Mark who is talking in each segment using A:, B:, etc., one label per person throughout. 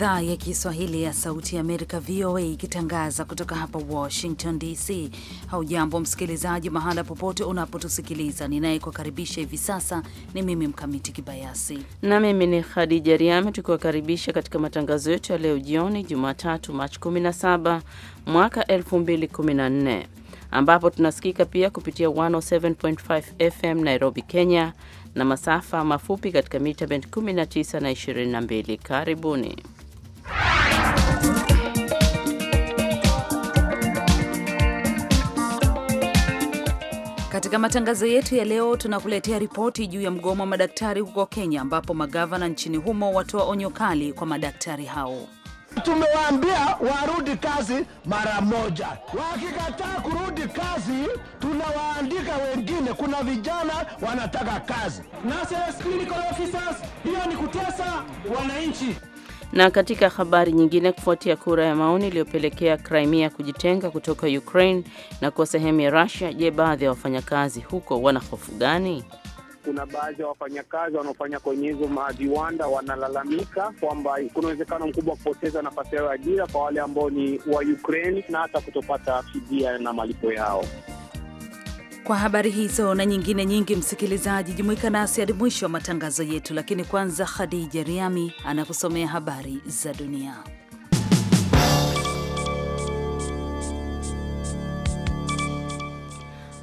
A: idhaa ya Kiswahili ya Sauti ya Amerika, VOA, ikitangaza kutoka hapa Washington DC. Haujambo msikilizaji, mahala popote unapotusikiliza. Ninayekukaribisha hivi sasa ni mimi Mkamiti Kibayasi
B: na mimi ni Khadija Riame, tukiwakaribisha katika matangazo yetu ya leo jioni, Jumatatu Machi 17 mwaka 2014 ambapo tunasikika pia kupitia 107.5 FM Nairobi, Kenya na masafa mafupi katika mita bendi 19 na 22. Karibuni.
A: Katika matangazo yetu ya leo tunakuletea ripoti juu ya mgomo wa madaktari huko Kenya, ambapo magavana nchini humo watoa onyo kali kwa madaktari hao.
C: Tumewaambia warudi
D: kazi mara moja. Wakikataa kurudi kazi, tunawaandika
E: wengine. Kuna vijana wanataka kazi. Nurses, clinical officers, hiyo ni kutesa wananchi.
B: Na katika habari nyingine, kufuatia kura ya maoni iliyopelekea Crimea kujitenga kutoka Ukraine na kuwa sehemu ya Russia, je, baadhi ya wafanyakazi huko wana hofu gani?
F: Kuna baadhi ya wafanyakazi wanaofanya kwenye hizo maviwanda wanalalamika kwamba kuna uwezekano mkubwa wa kupoteza nafasi yao ya ajira kwa wale ambao ni wa Ukraine na hata kutopata fidia na malipo yao.
A: Kwa habari hizo na nyingine nyingi, msikilizaji, jumuika nasi hadi mwisho wa matangazo yetu, lakini kwanza, Khadija Riami anakusomea habari za dunia.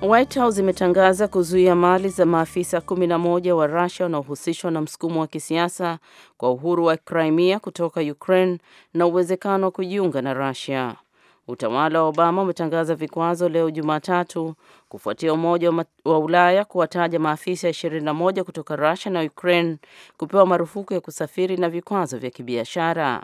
B: White House imetangaza kuzuia mali za maafisa 11 wa Russia wanaohusishwa na msukumo wa kisiasa kwa uhuru wa Crimea kutoka Ukraine na uwezekano wa kujiunga na Russia. Utawala wa Obama umetangaza vikwazo leo Jumatatu kufuatia Umoja wa Ulaya kuwataja maafisa 21 kutoka Russia na Ukraine kupewa marufuku ya kusafiri na vikwazo vya kibiashara.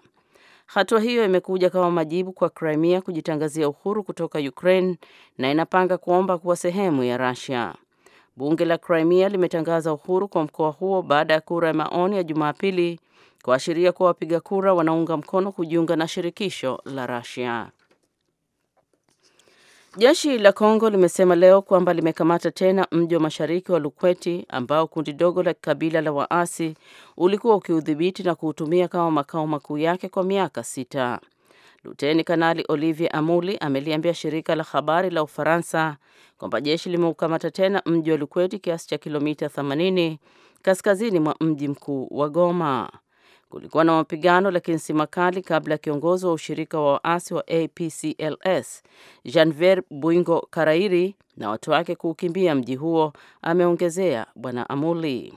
B: Hatua hiyo imekuja kama majibu kwa Crimea kujitangazia uhuru kutoka Ukraine na inapanga kuomba kuwa sehemu ya Russia. Bunge la Crimea limetangaza uhuru kwa mkoa huo baada ya kura ya maoni ya Jumapili kuashiria kuwa wapiga kura wanaunga mkono kujiunga na shirikisho la Russia. Jeshi la Kongo limesema leo kwamba limekamata tena mji wa mashariki wa Lukweti ambao kundi dogo la kabila la waasi ulikuwa ukiudhibiti na kuutumia kama makao makuu yake kwa miaka sita. Luteni Kanali Olivier Amuli ameliambia shirika la habari la Ufaransa kwamba jeshi limeukamata tena mji wa Lukweti kiasi cha kilomita 80 kaskazini mwa mji mkuu wa Goma. Kulikuwa na mapigano lakini si makali kabla ya kiongozi wa ushirika wa waasi wa APCLS Janvier buingo Karairi na watu wake kuukimbia mji huo, ameongezea Bwana Amuli.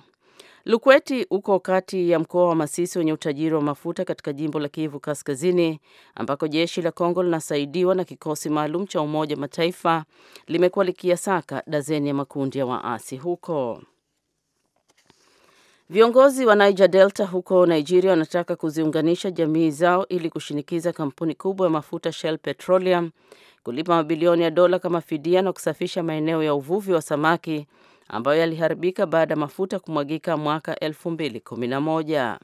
B: Lukweti uko kati ya mkoa wa Masisi wenye utajiri wa mafuta katika jimbo la Kivu Kaskazini ambako jeshi la Kongo linasaidiwa na kikosi maalum cha Umoja wa Mataifa limekuwa likiasaka dazeni ya makundi ya waasi huko. Viongozi wa Niger Delta huko Nigeria wanataka kuziunganisha jamii zao ili kushinikiza kampuni kubwa ya mafuta Shell Petroleum kulipa mabilioni ya dola kama fidia na kusafisha maeneo ya uvuvi wa samaki ambayo yaliharibika baada ya mafuta kumwagika mwaka 2011.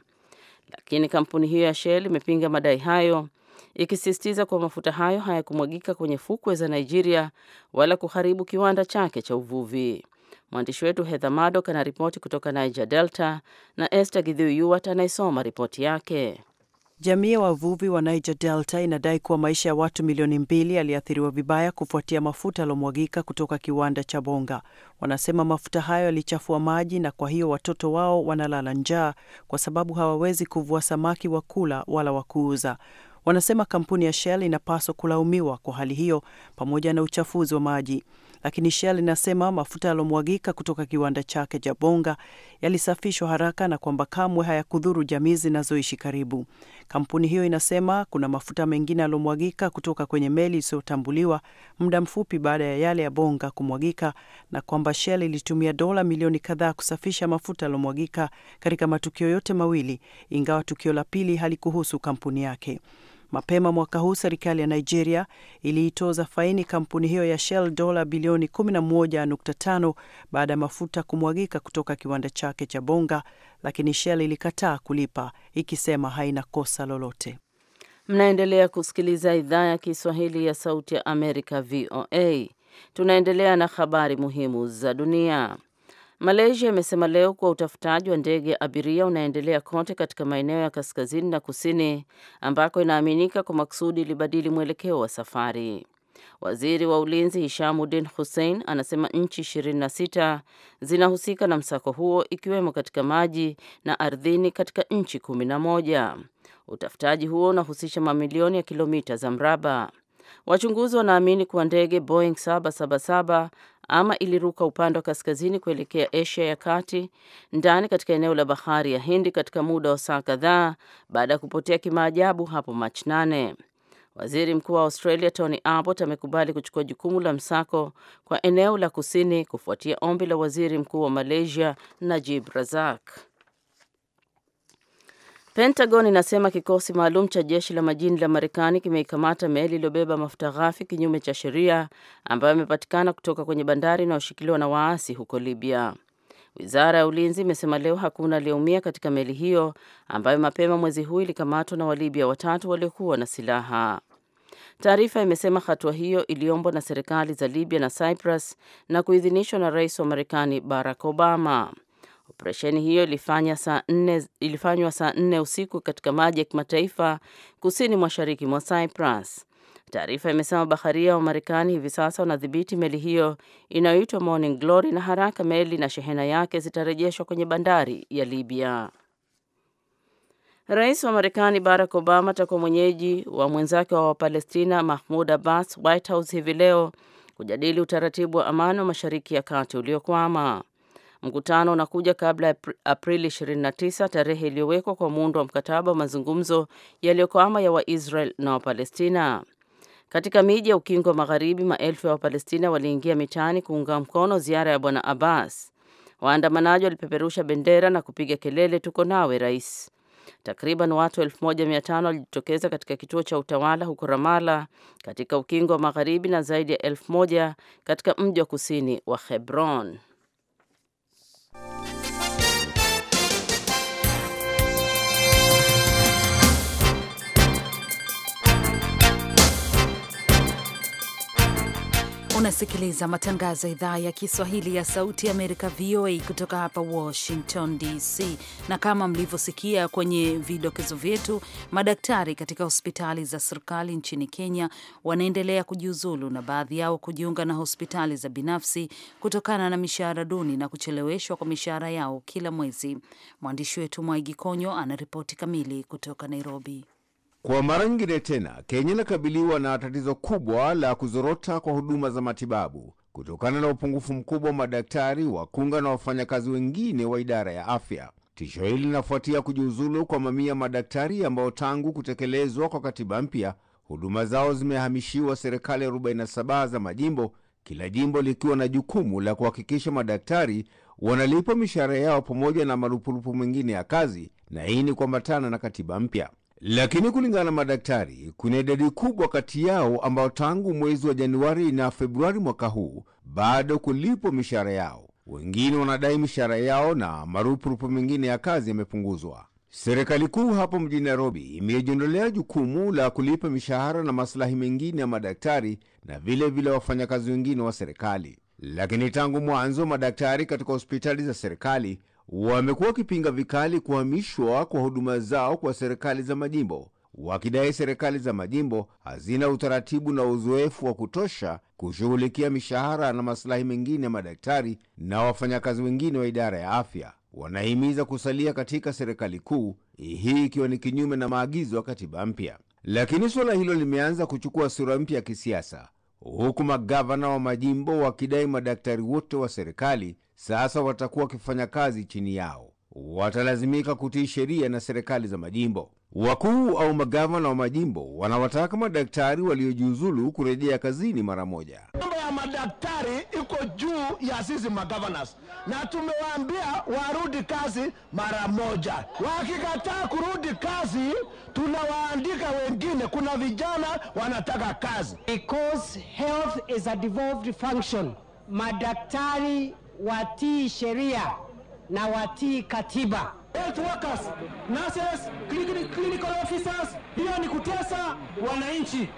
B: Lakini kampuni hiyo ya Shell imepinga madai hayo ikisisitiza kuwa mafuta hayo hayakumwagika kwenye fukwe za Nigeria wala kuharibu kiwanda chake cha uvuvi. Mwandishi wetu Hedha Madok anaripoti kutoka Niger Delta na Esther Gidhuyuwat
G: anayesoma ripoti yake. Jamii ya wavuvi wa Niger Delta inadai kuwa maisha ya watu milioni mbili yaliathiriwa vibaya kufuatia mafuta yalomwagika kutoka kiwanda cha Bonga. Wanasema mafuta hayo yalichafua maji na kwa hiyo watoto wao wanalala njaa kwa sababu hawawezi kuvua samaki wa kula wala wa kuuza. Wanasema kampuni ya Shell inapaswa kulaumiwa kwa hali hiyo pamoja na uchafuzi wa maji lakini Shell inasema mafuta yalomwagika kutoka kiwanda chake cha Bonga yalisafishwa haraka na kwamba kamwe hayakudhuru jamii zinazoishi karibu. Kampuni hiyo inasema kuna mafuta mengine yaliomwagika kutoka kwenye meli isiyotambuliwa muda mfupi baada ya yale ya Bonga kumwagika na kwamba Shell ilitumia dola milioni kadhaa kusafisha mafuta yaliomwagika katika matukio yote mawili, ingawa tukio la pili halikuhusu kampuni yake. Mapema mwaka huu serikali ya Nigeria iliitoza faini kampuni hiyo ya Shell dola bilioni 11.5 baada ya mafuta kumwagika kutoka kiwanda chake cha Bonga, lakini Shell ilikataa kulipa ikisema haina kosa lolote.
B: Mnaendelea kusikiliza idhaa ya Kiswahili ya Sauti ya Amerika, VOA. Tunaendelea na habari muhimu za dunia. Malaysia imesema leo kuwa utafutaji wa ndege ya abiria unaendelea kote katika maeneo ya kaskazini na kusini ambako inaaminika kwa makusudi ilibadili mwelekeo wa safari. Waziri wa Ulinzi Hishamuddin Hussein anasema nchi 26 zinahusika na msako huo ikiwemo katika maji na ardhini katika nchi kumi na moja. Utafutaji huo unahusisha mamilioni ya kilomita za mraba. Wachunguzi wanaamini kuwa ndege Boeing 777 ama iliruka upande wa kaskazini kuelekea Asia ya Kati ndani katika eneo la Bahari ya Hindi katika muda wa saa kadhaa baada ya kupotea kimaajabu hapo Machi 8. Waziri Mkuu wa Australia Tony Abbott amekubali kuchukua jukumu la msako kwa eneo la kusini kufuatia ombi la Waziri Mkuu wa Malaysia Najib Razak. Pentagon inasema kikosi maalum cha jeshi la majini la Marekani kimeikamata meli iliyobeba mafuta ghafi kinyume cha sheria ambayo imepatikana kutoka kwenye bandari inayoshikiliwa na waasi huko Libya. Wizara ya Ulinzi imesema leo hakuna aliyeumia katika meli hiyo ambayo mapema mwezi huu ilikamatwa na Walibya watatu waliokuwa na silaha. Taarifa imesema hatua hiyo iliombwa na serikali za Libya na Cyprus na kuidhinishwa na Rais wa Marekani Barack Obama. Operesheni hiyo ilifanywa saa nne, ilifanywa saa nne usiku katika maji ya kimataifa kusini mashariki mwa Cyprus. Taarifa imesema baharia wa Marekani hivi sasa wanadhibiti meli hiyo inayoitwa Morning Glory na haraka meli na shehena yake zitarejeshwa kwenye bandari ya Libya. Rais wa Marekani Barack Obama atakuwa mwenyeji wa mwenzake wa Wapalestina Mahmud Abbas White House hivi leo kujadili utaratibu wa amani wa Mashariki ya Kati uliokwama. Mkutano unakuja kabla ya Aprili 29, tarehe iliyowekwa kwa muundo wa mkataba wa mazungumzo yaliyokwama ya Waisrael na Wapalestina. Katika miji ya Ukingo wa Magharibi, maelfu ya Wapalestina waliingia mitaani kuunga mkono ziara ya Bwana Abbas. Waandamanaji walipeperusha bendera na kupiga kelele, tuko nawe rais. Takriban watu 1500 walijitokeza katika kituo cha utawala huko Ramala katika Ukingo wa Magharibi na zaidi ya 1000 katika mji wa kusini wa Hebron.
A: Unasikiliza matangazo ya idhaa ya Kiswahili ya Sauti Amerika, VOA, kutoka hapa Washington DC. Na kama mlivyosikia kwenye vidokezo vyetu, madaktari katika hospitali za serikali nchini Kenya wanaendelea kujiuzulu na baadhi yao kujiunga na hospitali za binafsi kutokana na mishahara duni na kucheleweshwa kwa mishahara yao kila mwezi. Mwandishi wetu Mwaigi Konyo anaripoti kamili kutoka Nairobi.
H: Kwa mara nyingine tena, Kenya inakabiliwa na tatizo kubwa la kuzorota kwa huduma za matibabu kutokana na upungufu mkubwa wa madaktari, wakunga na wafanyakazi wengine wa idara ya afya. Tisho hili linafuatia kujiuzulu kwa mamia madaktari ambao tangu kutekelezwa kwa katiba mpya huduma zao zimehamishiwa serikali 47 za majimbo, kila jimbo likiwa na jukumu la kuhakikisha madaktari wanalipwa mishahara yao pamoja na marupurupu mengine ya kazi, na hii ni kuambatana na katiba mpya. Lakini kulingana na madaktari, kuna idadi kubwa kati yao ambao tangu mwezi wa Januari na Februari mwaka huu bado kulipwa mishahara yao. Wengine wanadai mishahara yao na marupurupu mengine ya kazi yamepunguzwa. Serikali kuu hapo mjini Nairobi imejiondolea jukumu la kulipa mishahara na masilahi mengine ya madaktari na vilevile vile wafanyakazi wengine wa serikali. Lakini tangu mwanzo madaktari katika hospitali za serikali wamekuwa wakipinga vikali kuhamishwa kwa huduma zao kwa serikali za majimbo, wakidai serikali za majimbo hazina utaratibu na uzoefu wa kutosha kushughulikia mishahara na masilahi mengine ya madaktari na wafanyakazi wengine wa idara ya afya. Wanahimiza kusalia katika serikali kuu, hii ikiwa ni kinyume na maagizo ya katiba mpya. Lakini suala hilo limeanza kuchukua sura mpya ya kisiasa huku magavana wa majimbo wakidai madaktari wote wa serikali sasa watakuwa wakifanya kazi chini yao watalazimika kutii sheria na serikali za majimbo. Wakuu au magavana wa majimbo wanawataka madaktari waliojiuzulu kurejea kazini mara moja. Mambo ya madaktari iko juu ya sisi magavanas, na tumewaambia warudi kazi mara moja. Wakikataa
G: kurudi kazi, tunawaandika wengine. Kuna vijana wanataka kazi. Because health is a devolved function, madaktari watii sheria na watii katiba. Health workers, nurses, clinical officers, hiyo ni kutesa wananchi,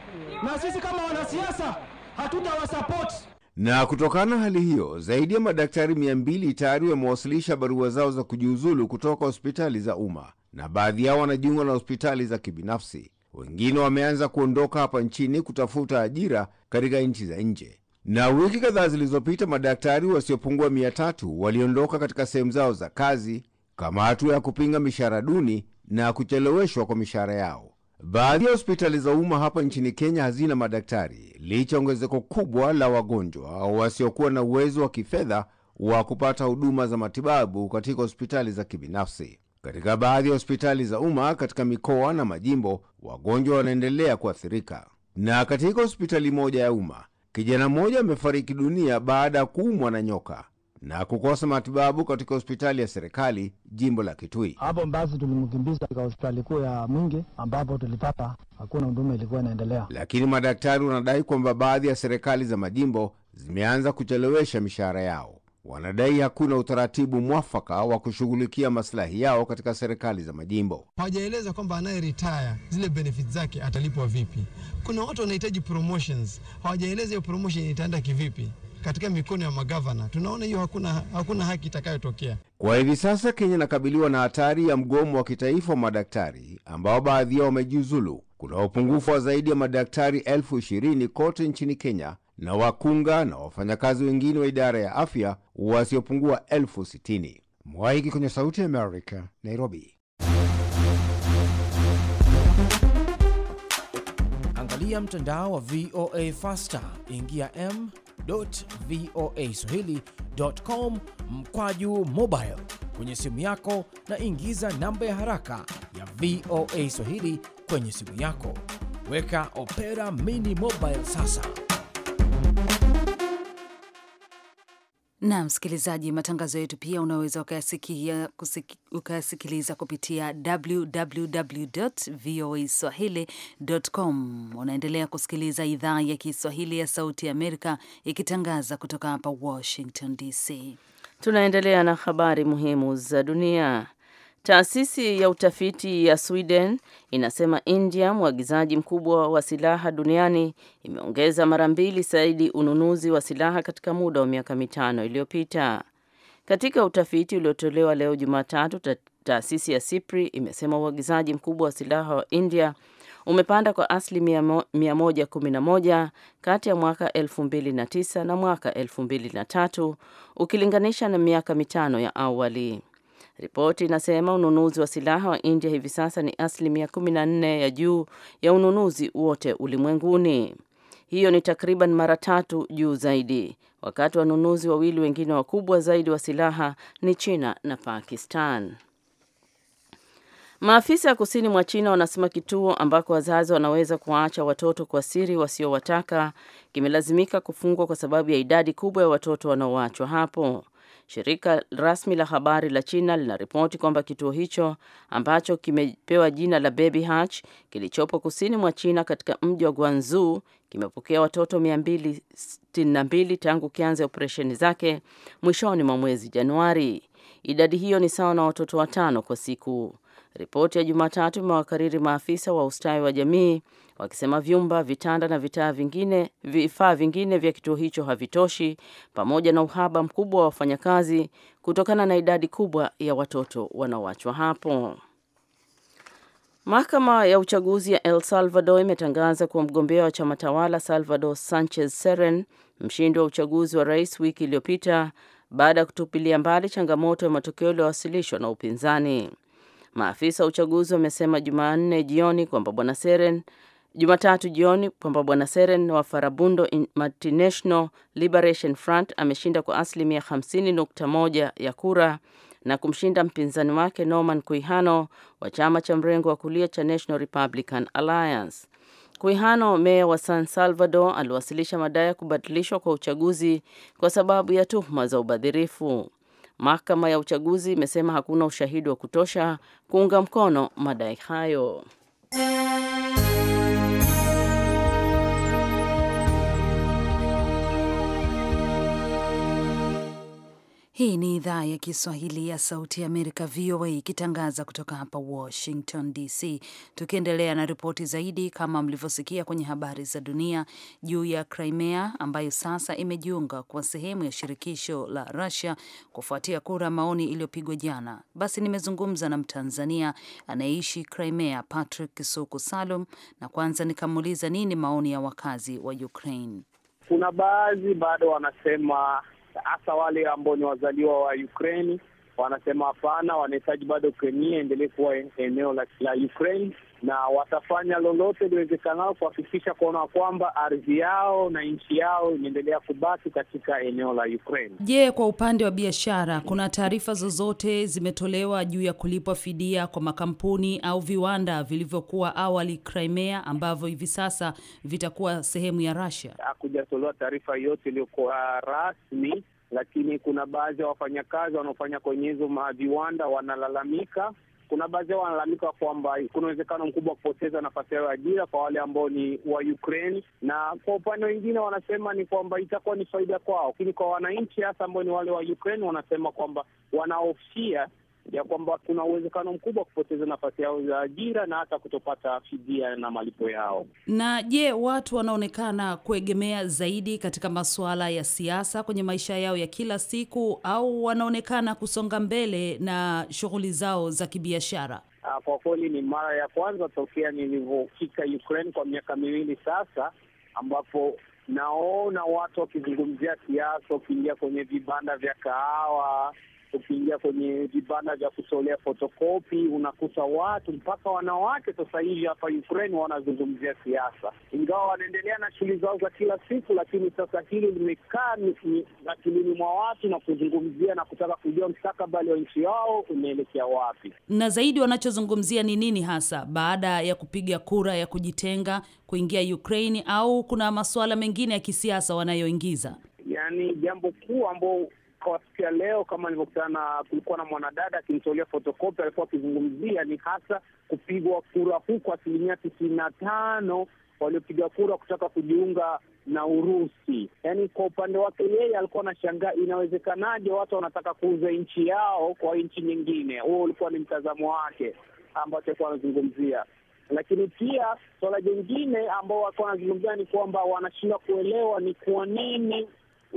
G: na
D: sisi kama wanasiasa hatutawasupport.
H: Na kutokana na hali hiyo, zaidi ya madaktari 200 tayari wamewasilisha barua zao za kujiuzulu kutoka hospitali za umma, na baadhi yao wanajiunga na hospitali za kibinafsi. Wengine wameanza kuondoka hapa nchini kutafuta ajira katika nchi za nje. Na wiki kadhaa zilizopita madaktari wasiopungua mia tatu waliondoka katika sehemu zao za kazi kama hatua ya kupinga mishahara duni na kucheleweshwa kwa mishahara yao. Baadhi ya hospitali za umma hapa nchini Kenya hazina madaktari licha ongezeko kubwa la wagonjwa wasiokuwa na uwezo wa kifedha wa kupata huduma za matibabu katika hospitali za kibinafsi. Katika baadhi ya hospitali za umma katika mikoa na majimbo, wagonjwa wanaendelea kuathirika. Na katika hospitali moja ya umma Kijana mmoja amefariki dunia baada ya kuumwa na nyoka na kukosa matibabu katika hospitali ya serikali jimbo la Kitui.
F: Hapo basi tulimkimbiza katika hospitali kuu ya Mwingi ambapo tulipata hakuna huduma ilikuwa inaendelea,
H: lakini madaktari wanadai kwamba baadhi ya serikali za majimbo zimeanza kuchelewesha mishahara yao wanadai hakuna utaratibu mwafaka wa kushughulikia maslahi yao katika serikali za majimbo.
E: Hawajaeleza kwamba anaye retire zile benefit zake atalipwa vipi. Kuna watu wanahitaji promotions, hawajaeleza hiyo promotion itaenda kivipi katika mikono ya magavana. Tunaona hiyo hakuna, hakuna haki itakayotokea.
H: Kwa hivi sasa, Kenya inakabiliwa na hatari ya mgomo wa kitaifa wa madaktari ambao baadhi yao wamejiuzulu. Kuna upungufu wa zaidi ya madaktari elfu ishirini kote nchini Kenya na wakunga na wafanyakazi wengine wa idara ya afya wasiopungua elfu sitini. Mwaiki kwenye Sauti ya Amerika, Nairobi.
D: Angalia mtandao wa VOA Fasta, ingia m.voaswahili.com mkwaju mobile kwenye simu yako na ingiza namba ya haraka ya VOA Swahili kwenye simu yako, weka opera mini
C: mobile sasa.
A: Na msikilizaji, matangazo yetu pia unaweza ukayasikiliza kupitia www voa swahili.com. Unaendelea kusikiliza idhaa ya Kiswahili ya Sauti ya Amerika ikitangaza kutoka hapa Washington DC. Tunaendelea na
B: habari muhimu za dunia.
A: Taasisi ya
B: utafiti ya Sweden inasema India, mwagizaji mkubwa wa silaha duniani, imeongeza mara mbili zaidi ununuzi wa silaha katika muda wa miaka mitano iliyopita. Katika utafiti uliotolewa leo Jumatatu, taasisi ya SIPRI imesema uagizaji mkubwa wa silaha wa India umepanda kwa asilimia 111 kati ya mwaka 2009 na mwaka 2003 ukilinganisha na miaka mitano ya awali. Ripoti inasema ununuzi wa silaha wa India hivi sasa ni asilimia 14 ya juu ya ununuzi wote ulimwenguni. Hiyo ni takriban mara tatu juu zaidi, wakati wanunuzi wawili wengine wakubwa zaidi wa silaha ni China na Pakistan. Maafisa ya kusini mwa China wanasema kituo ambako wazazi wanaweza kuwaacha watoto kwa siri wasiowataka kimelazimika kufungwa kwa sababu ya idadi kubwa ya watoto wanaoachwa hapo. Shirika rasmi la habari la China linaripoti kwamba kituo hicho ambacho kimepewa jina la Baby Hatch kilichopo kusini mwa China katika mji wa Guangzhou kimepokea watoto 262 tangu kianze operesheni zake mwishoni mwa mwezi Januari. Idadi hiyo ni sawa na watoto watano kwa siku. Ripoti ya Jumatatu imewakariri maafisa wa ustawi wa jamii wakisema vyumba, vitanda na vitaa vingine, vifaa vingine vya kituo hicho havitoshi pamoja na uhaba mkubwa wa wafanyakazi kutokana na idadi kubwa ya watoto wanaoachwa hapo. Mahakama ya uchaguzi ya El Salvador imetangaza kuwa mgombea wa chama tawala Salvador Sanchez Seren mshindi wa uchaguzi wa rais wiki iliyopita baada ya kutupilia mbali changamoto ya matokeo yaliyowasilishwa na upinzani. Maafisa wa uchaguzi wamesema Jumanne jioni kwamba bwana Seren Jumatatu jioni kwamba bwana Seren wa Farabundo Multinational Liberation Front ameshinda kwa asilimia 50.1 ya kura na kumshinda mpinzani wake Norman Kuihano wa chama cha mrengo wa kulia cha National Republican Alliance. Kuihano, meya wa San Salvador, aliwasilisha madai ya kubatilishwa kwa uchaguzi kwa sababu ya tuhuma za ubadhirifu. Mahakama ya uchaguzi imesema hakuna ushahidi wa kutosha kuunga mkono madai hayo.
A: Hii ni idhaa ya Kiswahili ya Sauti ya Amerika, VOA, ikitangaza kutoka hapa Washington DC. Tukiendelea na ripoti zaidi, kama mlivyosikia kwenye habari za dunia juu ya Crimea ambayo sasa imejiunga kwa sehemu ya shirikisho la Russia kufuatia kura maoni iliyopigwa jana, basi nimezungumza na Mtanzania anayeishi Crimea, Patrick Kisuku Salum, na kwanza nikamuuliza nini maoni ya wakazi
F: wa Ukraine. Kuna baadhi bado wanasema hasa wale ambao ni wazaliwa wa Ukraini wanasema hapana, wanahitaji bado Crimea endelee kuwa eneo la, la Ukraine na watafanya lolote liwezekanao kuhakikisha kuona kwamba ardhi yao na nchi yao inaendelea kubaki katika eneo la Ukraine.
A: Je, kwa upande wa biashara kuna taarifa zozote zimetolewa juu ya kulipwa fidia kwa makampuni au viwanda vilivyokuwa awali Crimea ambavyo hivi sasa vitakuwa sehemu ya Russia?
F: Hakujatolewa taarifa yote iliyokuwa rasmi, lakini kuna baadhi ya wafanyakazi wanaofanya kwenye hizo maviwanda wanalalamika kuna baadhi yao wanalalamika kwamba kuna uwezekano mkubwa wa kupoteza nafasi yao ya ajira kwa wale ambao ni wa Ukraine, na kwa upande wengine wanasema ni kwamba itakuwa ni faida kwao, lakini kwa wananchi hasa ambao ni wale wa Ukraine wanasema kwamba wanahofia ya kwamba kuna uwezekano mkubwa kupoteza nafasi yao za ajira na hata kutopata fidia na malipo yao.
A: Na je, watu wanaonekana kuegemea zaidi katika masuala ya siasa kwenye maisha yao ya kila siku au wanaonekana kusonga mbele na shughuli zao za kibiashara?
F: Ah, kwa kweli ni mara ya kwanza tokea nilivyofika Ukraine kwa miaka miwili sasa, ambapo naona watu wakizungumzia siasa, wakiingia kwenye vibanda vya kahawa ukiingia kwenye vibanda vya kutolea fotokopi unakuta watu mpaka wanawake sasa hivi hapa Ukraine wanazungumzia siasa, ingawa wanaendelea na shughuli zao za kila siku, lakini sasa hili limekaa akilini mwa watu na kuzungumzia na kutaka kujua mstakabali wa nchi yao umeelekea wapi,
A: na zaidi wanachozungumzia ni nini hasa baada ya kupiga kura ya kujitenga kuingia Ukraine, au kuna masuala mengine ya kisiasa wanayoingiza,
F: yani jambo kuu ambao kwa ya leo, kama na kulikuwa na mwanadada akimtolea fotokopi, alikuwa akizungumzia ni hasa kupigwa kura huku asilimia tisini na tano waliopiga kura kutaka kujiunga na Urusi. Yaani, kwa upande wake yeye alikuwa anashangaa inawezekanaje watu wanataka kuuza nchi yao kwa nchi nyingine. Huo ulikuwa ni mtazamo wake ambao alikuwa anazungumzia, lakini pia suala jingine ambao walikuwa wanazungumzia ni kwamba wanashindwa kuelewa ni kwa nini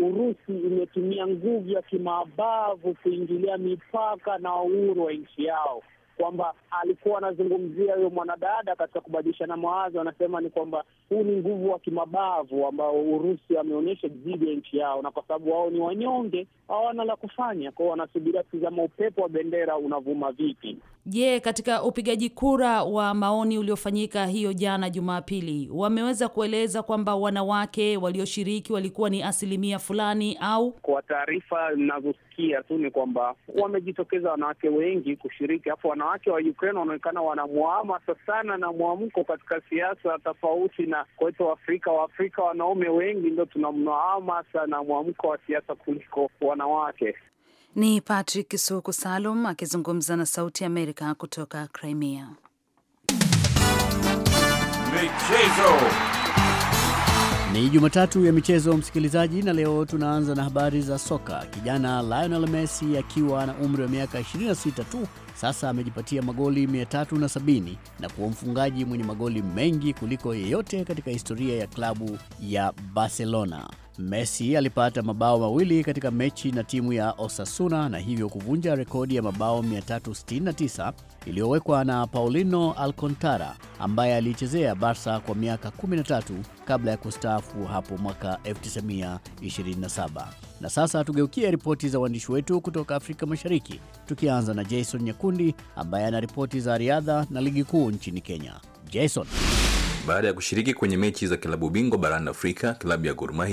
F: Urusi imetumia nguvu ya kimabavu kuingilia mipaka na uhuru wa nchi yao kwamba alikuwa anazungumzia huyo mwanadada katika kubadilishana mawazo, anasema ni kwamba huu ni nguvu wa kimabavu ambao Urusi ameonyesha dhidi ya nchi yao, na kwa sababu wao ni wanyonge, hawana la kufanya kwao, wanasubiria tizama upepo wa bendera unavuma vipi.
A: Je, katika upigaji kura wa maoni uliofanyika hiyo jana Jumapili, wameweza kueleza kwamba wanawake walioshiriki walikuwa ni asilimia fulani, au
F: kwa taarifa nazo kusikia tu ni kwamba wamejitokeza wanawake wengi kushiriki, alafu wanawake wa Ukraine wanaonekana wanamwamasa sana na mwamko katika siasa, tofauti na kwetu Waafrika. Waafrika wanaume wengi ndo tuna na mwamko wa siasa kuliko wanawake.
A: Ni Patrick Suku Salum akizungumza na Sauti ya Amerika kutoka Crimea.
G: Michezo.
C: Ni Jumatatu ya michezo, msikilizaji, na leo tunaanza na habari za soka. Kijana Lionel Messi akiwa na umri wa miaka 26 tu sasa amejipatia magoli 370 na, na kuwa mfungaji mwenye magoli mengi kuliko yeyote katika historia ya klabu ya Barcelona. Messi alipata mabao mawili katika mechi na timu ya Osasuna na hivyo kuvunja rekodi ya mabao 369 iliyowekwa na Paulino Alcantara ambaye aliichezea Barca kwa miaka 13 kabla ya kustaafu hapo mwaka 1927. Na sasa tugeukie ripoti za waandishi wetu kutoka Afrika Mashariki, tukianza na Jason Nyakundi ambaye ana ripoti za riadha na ligi kuu nchini Kenya. Jason.
I: Baada ya kushiriki kwenye mechi za kilabu bingwa barani Afrika, klabu ya Gor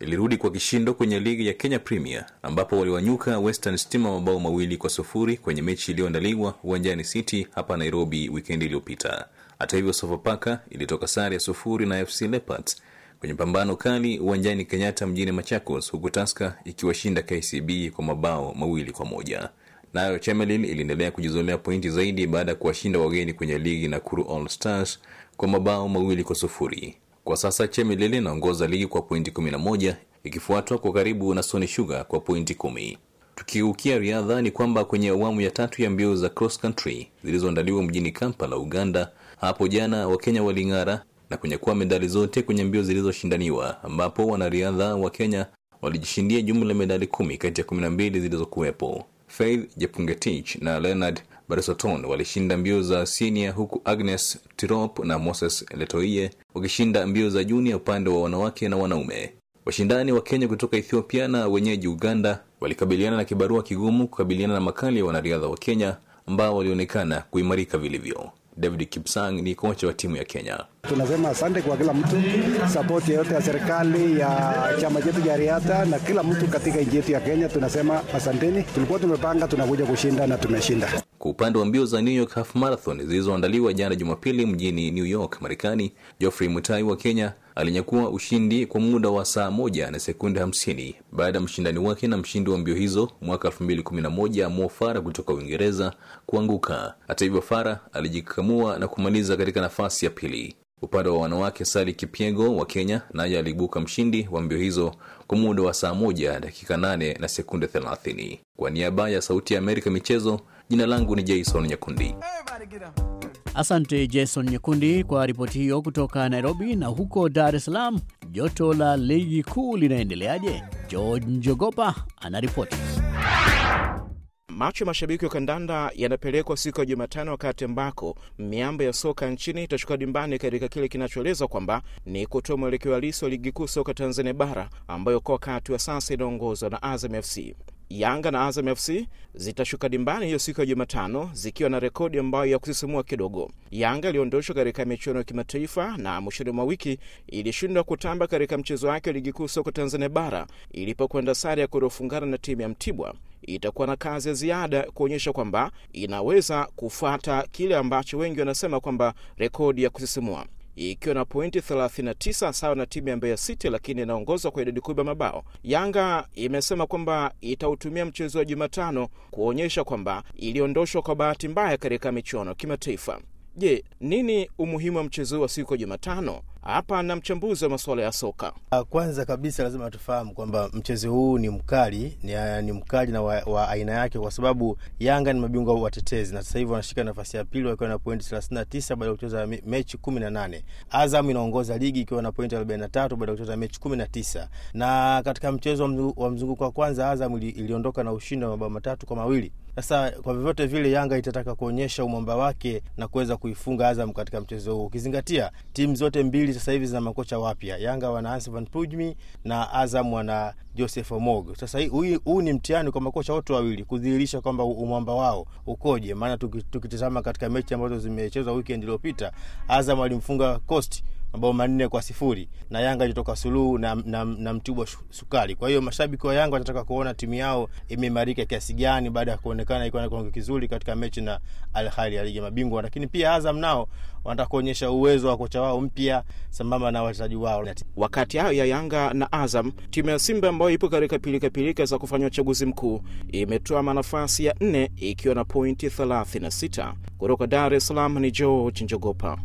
I: ilirudi kwa kishindo kwenye ligi ya Kenya Premier ambapo waliwanyuka Western Stima mabao mawili kwa sufuri kwenye mechi iliyoandaliwa uwanjani City hapa Nairobi wikendi iliyopita. Hata hivyo, Sofapaka ilitoka sare ya sufuri na FC Leopards kwenye pambano kali uwanjani Kenyatta mjini Machakos, huku Taska ikiwashinda KCB kwa mabao mawili kwa moja. Nayo Chemelil iliendelea kujizolea pointi zaidi baada ya kuwashinda wageni kwenye ligi kuru All Stars kwa mabao mawili kwa sufuri. Kwa sasa Chemelil inaongoza ligi kwa pointi 11 ikifuatwa kwa karibu na Sony Sugar kwa pointi 1 Tukiukia riadha ni kwamba kwenye awamu ya tatu ya mbio za cross country zilizoandaliwa mjini Kampala, Uganda, hapo jana Wakenya waling'ara na kunyakua medali zote kwenye mbio zilizoshindaniwa ambapo wanariadha wa Kenya walijishindia jumla medali kumi kati ya kumi na mbili zilizokuwepo. Faith Jepungetich na Leonard Barisoton walishinda mbio za sinia huku Agnes Tirop na Moses Letoie wakishinda mbio za ya upande wa wanawake na wanaume. Washindani wa Kenya kutoka Ethiopia na wenyeji Uganda walikabiliana na kibarua kigumu kukabiliana na makali ya wanariadha wa Kenya ambao walionekana kuimarika vilivyo. David Kipsang ni kocha wa timu ya Kenya.
H: Tunasema asante kwa kila mtu, sapoti yeyote ya serikali ya chama chetu cha riata na kila mtu katika nchi yetu ya Kenya. Tunasema asanteni, tulikuwa tumepanga tunakuja kushinda na tumeshinda.
I: Kwa upande wa mbio za New York Half Marathon zilizoandaliwa jana Jumapili mjini New York, Marekani, Geoffrey Mutai wa Kenya alinyakua ushindi kwa muda wa saa moja na sekunde hamsini baada ya mshindani wake na mshindi wa mbio hizo mwaka 2011 Mo fara kutoka Uingereza kuanguka. Hata hivyo, fara alijikamua na kumaliza katika nafasi ya pili. Upande wa wanawake, sali kipiego wa Kenya naye aliibuka mshindi wa mbio hizo kwa muda wa saa moja dakika nane na sekunde thelathini Kwa niaba ya Sauti ya Amerika michezo, jina langu ni Jason Nyakundi.
C: Asante Jason Nyekundi kwa ripoti hiyo kutoka Nairobi. Na huko Dar es Salaam, joto la ligi kuu linaendeleaje? George Njogopa anaripoti.
D: Macho ya mashabiki wa kandanda yanapelekwa siku ya Jumatano, wakati ambako miamba ya soka nchini itashuka dimbani katika kile kinachoelezwa kwamba ni kutoa mwelekeo halisi wa ligi kuu soka Tanzania bara ambayo kwa wakati wa sasa inaongozwa na Azam FC. Yanga na Azam FC zitashuka dimbani hiyo siku ya Jumatano zikiwa na rekodi ambayo ya kusisimua kidogo. Yanga iliondoshwa katika michuano ya kimataifa na mwishoni mwa wiki ilishindwa kutamba katika mchezo wake ligi kuu soko Tanzania bara ilipokwenda sare ya kutofungana na timu ya Mtibwa. Itakuwa na kazi ya ziada kuonyesha kwamba inaweza kufuata kile ambacho wengi wanasema kwamba rekodi ya kusisimua ikiwa na pointi 39 sawa na timu ya Mbeya City, lakini inaongozwa kwa idadi kubwa mabao. Yanga imesema kwamba itautumia mchezo wa Jumatano kuonyesha kwamba iliondoshwa kwa bahati mbaya katika michuano kimataifa. Je, nini umuhimu wa mchezo huu wa siku ya Jumatano? Hapa na mchambuzi wa masuala ya
E: soka. Ah, kwanza kabisa lazima tufahamu kwamba mchezo huu ni mkali, ni, ah, ni mkali na wa, wa aina yake, kwa sababu Yanga ni mabingwa watetezi na sasa hivi wanashika nafasi ya pili wakiwa na pointi 39 baada ya kucheza mechi 18. Azam inaongoza ligi ikiwa na pointi 43 baada ya kucheza mechi 19, na katika mchezo wa mzunguko wa kwanza Azam iliondoka na ushindi wa mabao matatu kwa mawili sasa kwa vyovyote vile Yanga itataka kuonyesha umwamba wake na kuweza kuifunga Azam katika mchezo huu, ukizingatia timu zote mbili sasa hivi zina makocha wapya. Yanga wana Hans van Pujmi na Azam wana Joseph Omog. Sasa huu ni mtihani kwa makocha wote wawili kudhihirisha kwamba umwamba wao ukoje, maana tukitizama katika mechi ambazo zimechezwa weekend iliyopita, Azam alimfunga Coast mabao manne kwa sifuri na Yanga ilitoka suluhu na, na, na Mtibwa Sukari. Kwa hiyo mashabiki wa Yanga wanataka kuona timu yao imeimarika kiasi gani baada ya kuonekana iko na kiwango kizuri katika mechi na Al Ahly ya ligi mabingwa, lakini pia Azam nao wanataka kuonyesha uwezo wa kocha wao mpya sambamba na wachezaji wao. Wakati
D: hayo ya Yanga na Azam, timu ya Simba ambayo ipo katika pilikapilika za kufanya uchaguzi mkuu imetoa nafasi ya nne ikiwa na pointi 36. Kutoka Dar es Salaam ni
C: George Njogopa.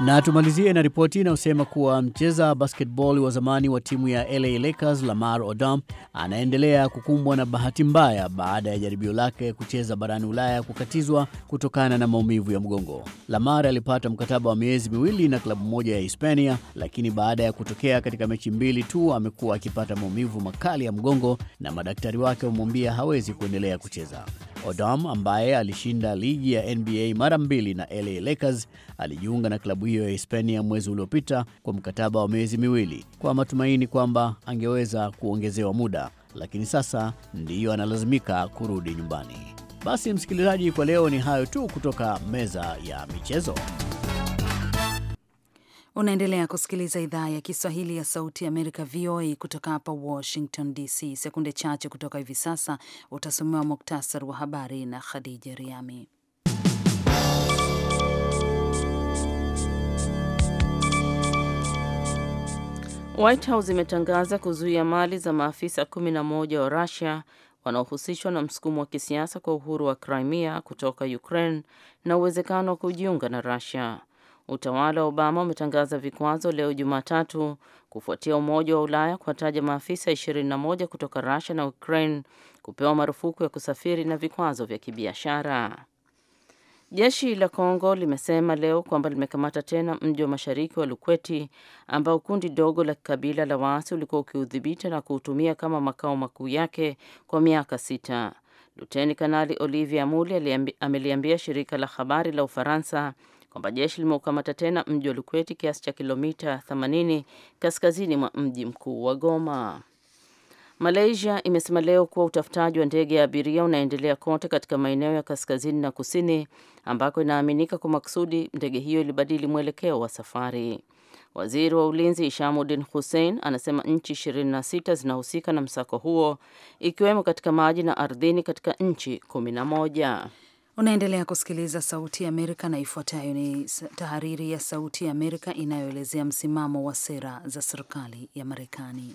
C: Na tumalizie na ripoti inayosema kuwa mcheza basketball wa zamani wa timu ya LA Lakers Lamar Odom anaendelea kukumbwa na bahati mbaya baada ya jaribio lake kucheza barani Ulaya kukatizwa kutokana na maumivu ya mgongo. Lamar alipata mkataba wa miezi miwili na klabu moja ya Hispania, lakini baada ya kutokea katika mechi mbili tu amekuwa akipata maumivu makali ya mgongo na madaktari wake wamemwambia hawezi kuendelea kucheza. Odom ambaye alishinda ligi ya NBA mara mbili na LA Lakers alijiunga na klabu hiyo ya Hispania mwezi uliopita kwa mkataba wa miezi miwili kwa matumaini kwamba angeweza kuongezewa muda, lakini sasa ndiyo analazimika kurudi nyumbani. Basi msikilizaji, kwa leo ni hayo tu kutoka meza ya michezo.
A: Unaendelea kusikiliza idhaa ya Kiswahili ya Sauti ya Amerika, VOA, kutoka hapa Washington DC. Sekunde chache kutoka hivi sasa utasomewa muktasari wa habari na Khadija Riami.
B: White House imetangaza kuzuia mali za maafisa 11 wa Russia wanaohusishwa na msukumo wa kisiasa kwa uhuru wa Crimea kutoka Ukraine na uwezekano wa kujiunga na Russia. Utawala wa Obama umetangaza vikwazo leo Jumatatu kufuatia Umoja wa Ulaya kuwataja maafisa 21 kutoka Russia na Ukraine kupewa marufuku ya kusafiri na vikwazo vya kibiashara. Jeshi la Kongo limesema leo kwamba limekamata tena mji wa mashariki wa Lukweti ambao kundi dogo la kikabila la waasi ulikuwa ukiudhibiti na kuutumia kama makao makuu yake kwa miaka sita. Luteni Kanali Olivia muli ameliambia shirika la habari la Ufaransa kwamba jeshi limeukamata tena mji wa Lukweti kiasi cha kilomita 80 kaskazini mwa mji mkuu wa Goma. Malaysia imesema leo kuwa utafutaji wa ndege ya abiria unaendelea kote katika maeneo ya kaskazini na kusini ambako inaaminika kwa makusudi ndege hiyo ilibadili mwelekeo wa safari. Waziri wa Ulinzi ishamudin Hussein anasema nchi 26 zinahusika na msako huo ikiwemo katika maji na ardhini katika nchi 11.
A: Unaendelea kusikiliza Sauti ya Amerika na ifuatayo ni tahariri ya Sauti ya Amerika inayoelezea msimamo wa sera za serikali ya Marekani.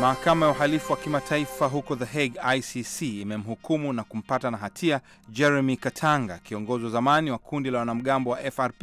J: Mahakama ya uhalifu wa kimataifa huko The Hague, ICC, imemhukumu na kumpata na hatia Jeremy Katanga, kiongozi wa zamani wa kundi la wanamgambo wa FRP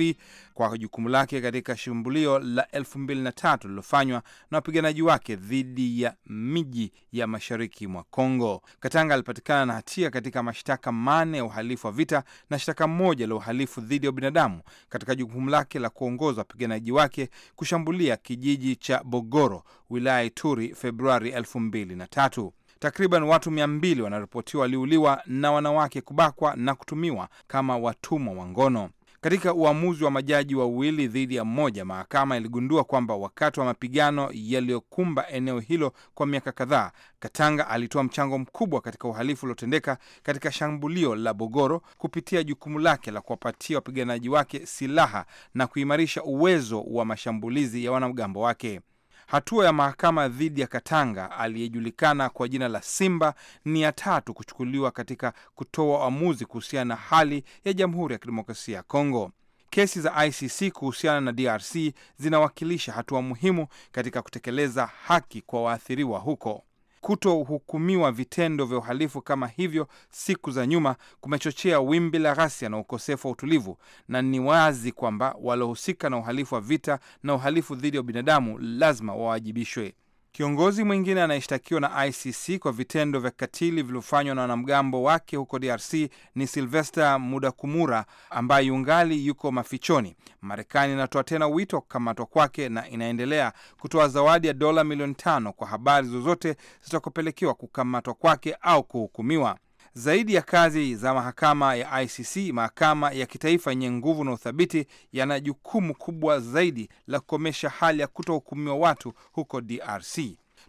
J: kwa jukumu lake katika shambulio la 2003 lililofanywa na wapiganaji wake dhidi ya miji ya mashariki mwa Kongo. Katanga alipatikana na hatia katika mashtaka mane ya uhalifu wa vita na shtaka moja la uhalifu dhidi ya binadamu katika jukumu lake la kuongoza wapiganaji wake kushambulia kijiji cha Bogoro, wilaya Ituri, Februari Februari 2003. Takriban watu 200 wanaripotiwa waliuliwa na wanawake kubakwa na kutumiwa kama watumwa wa ngono. Katika uamuzi wa majaji wawili dhidi ya mmoja, mahakama iligundua kwamba wakati wa mapigano yaliyokumba eneo hilo kwa miaka kadhaa, Katanga alitoa mchango mkubwa katika uhalifu uliotendeka katika shambulio la Bogoro kupitia jukumu lake la kuwapatia wapiganaji wake silaha na kuimarisha uwezo wa mashambulizi ya wanamgambo wake. Hatua ya mahakama dhidi ya Katanga aliyejulikana kwa jina la Simba ni ya tatu kuchukuliwa katika kutoa uamuzi kuhusiana na hali ya Jamhuri ya Kidemokrasia ya Kongo. Kesi za ICC kuhusiana na DRC zinawakilisha hatua muhimu katika kutekeleza haki kwa waathiriwa huko kutohukumiwa vitendo vya uhalifu kama hivyo siku za nyuma kumechochea wimbi la ghasia na ukosefu wa utulivu, na ni wazi kwamba waliohusika na uhalifu wa vita na uhalifu dhidi ya binadamu lazima wawajibishwe. Kiongozi mwingine anayeshtakiwa na ICC kwa vitendo vya kikatili vilivyofanywa na wanamgambo wake huko DRC ni Silvester Mudakumura ambaye yungali yuko mafichoni. Marekani inatoa tena wito wa kukamatwa kwake na inaendelea kutoa zawadi ya dola milioni tano kwa habari zozote zitakopelekewa kukamatwa kwake au kuhukumiwa. Zaidi ya kazi za mahakama ya ICC, mahakama ya kitaifa yenye nguvu na uthabiti yana jukumu kubwa zaidi la kukomesha hali ya kutohukumiwa watu huko DRC.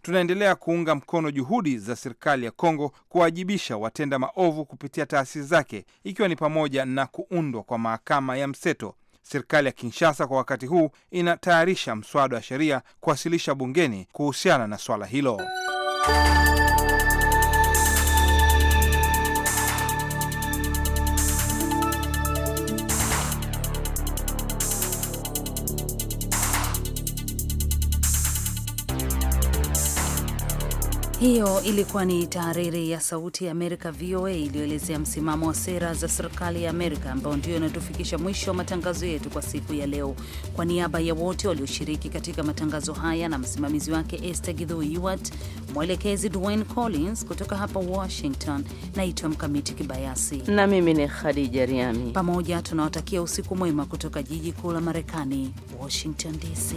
J: Tunaendelea kuunga mkono juhudi za serikali ya Kongo kuwajibisha watenda maovu kupitia taasisi zake, ikiwa ni pamoja na kuundwa kwa mahakama ya mseto. Serikali ya Kinshasa kwa wakati huu inatayarisha mswada wa sheria kuwasilisha bungeni kuhusiana na swala hilo.
A: Hiyo ilikuwa ni tahariri ya Sauti ya Amerika, VOA, iliyoelezea msimamo wa sera za serikali ya Amerika, ambao ndio inatufikisha mwisho wa matangazo yetu kwa siku ya leo. Kwa niaba ya wote walioshiriki katika matangazo haya na msimamizi wake Esther gidhu Ewart, mwelekezi Dwayne Collins, kutoka hapa Washington, naitwa Mkamiti Kibayasi na
B: mimi ni Khadija Riami.
A: Pamoja tunawatakia usiku mwema kutoka jiji kuu la Marekani, Washington DC.